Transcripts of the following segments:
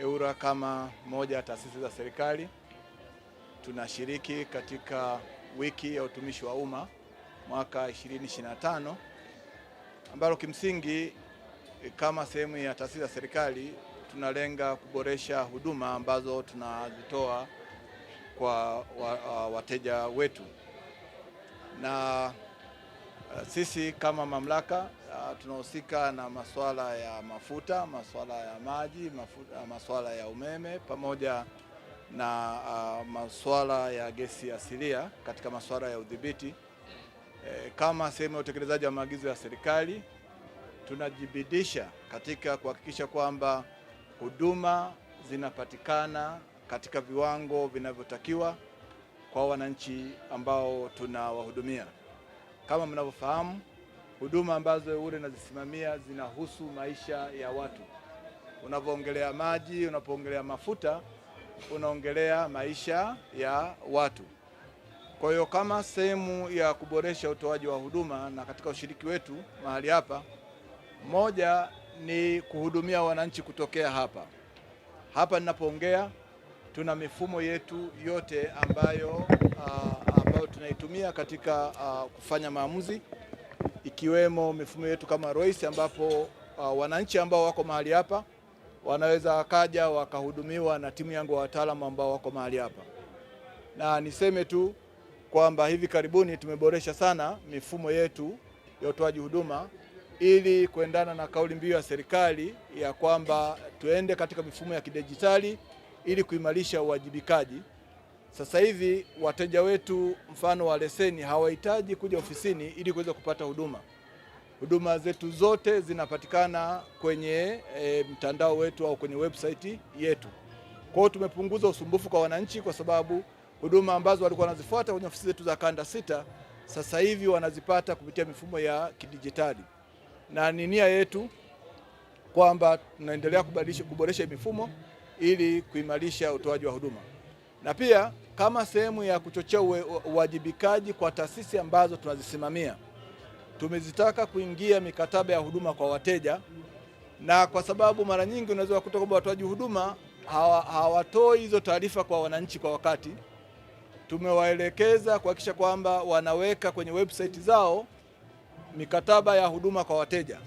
EWURA kama moja ya taasisi za serikali tunashiriki katika wiki ya utumishi wa umma mwaka 2025 ambalo kimsingi eh, kama sehemu ya taasisi za serikali tunalenga kuboresha huduma ambazo tunazitoa kwa wateja wetu na eh, sisi kama mamlaka Ah, tunahusika na masuala ya mafuta, masuala ya maji, mafuta, ah, masuala ya umeme pamoja na uh, ah, masuala ya gesi asilia katika masuala ya udhibiti. E, kama sehemu ya utekelezaji wa maagizo ya serikali tunajibidisha katika kuhakikisha kwamba huduma zinapatikana katika viwango vinavyotakiwa kwa wananchi ambao tunawahudumia. Kama mnavyofahamu huduma ambazo ule nazisimamia zinahusu maisha ya watu. Unapoongelea maji, unapoongelea mafuta, unaongelea maisha ya watu. Kwa hiyo kama sehemu ya kuboresha utoaji wa huduma na katika ushiriki wetu mahali hapa, moja ni kuhudumia wananchi kutokea hapa hapa ninapoongea, tuna mifumo yetu yote ambayo, uh, ambayo tunaitumia katika uh, kufanya maamuzi ikiwemo mifumo yetu kama Royce ambapo uh, wananchi ambao wako mahali hapa wanaweza wakaja wakahudumiwa na timu yangu ya wataalamu ambao wako mahali hapa, na niseme tu kwamba hivi karibuni tumeboresha sana mifumo yetu ya utoaji huduma ili kuendana na kauli mbiu ya serikali ya kwamba tuende katika mifumo ya kidijitali ili kuimarisha uwajibikaji. Sasa hivi wateja wetu mfano wa leseni hawahitaji kuja ofisini ili kuweza kupata huduma. Huduma zetu zote zinapatikana kwenye e, mtandao wetu au kwenye website yetu. Kwa hiyo tumepunguza usumbufu kwa wananchi, kwa sababu huduma ambazo walikuwa wanazifuata kwenye ofisi zetu za kanda sita sasa hivi wanazipata kupitia mifumo ya kidijitali, na ni nia yetu kwamba tunaendelea kuboresha mifumo ili kuimarisha utoaji wa huduma na pia kama sehemu ya kuchochea uwajibikaji kwa taasisi ambazo tunazisimamia, tumezitaka kuingia mikataba ya huduma kwa wateja, na kwa sababu mara nyingi unaweza kukuta kwamba watoaji huduma hawatoi hizo taarifa kwa wananchi kwa wakati, tumewaelekeza kuhakikisha kwamba wanaweka kwenye website zao mikataba ya huduma kwa wateja.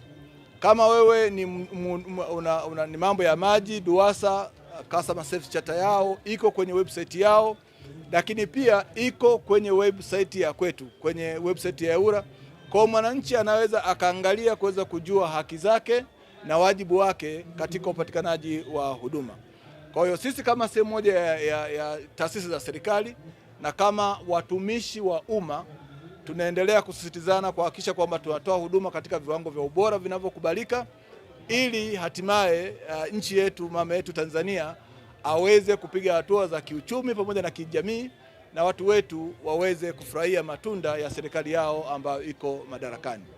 Kama wewe ni, una, una, ni mambo ya maji DUWASA customer service chata yao iko kwenye website yao, lakini pia iko kwenye website ya kwetu, kwenye website ya EWURA. Kwa mwananchi anaweza akaangalia kuweza kujua haki zake na wajibu wake katika upatikanaji wa huduma. Kwa hiyo sisi kama sehemu moja ya, ya, ya taasisi za serikali na kama watumishi wa umma tunaendelea kusisitizana kuhakikisha kwamba tunatoa huduma katika viwango vya ubora vinavyokubalika ili hatimaye uh, nchi yetu mama yetu Tanzania aweze kupiga hatua za kiuchumi pamoja na kijamii na watu wetu waweze kufurahia matunda ya serikali yao ambayo iko madarakani.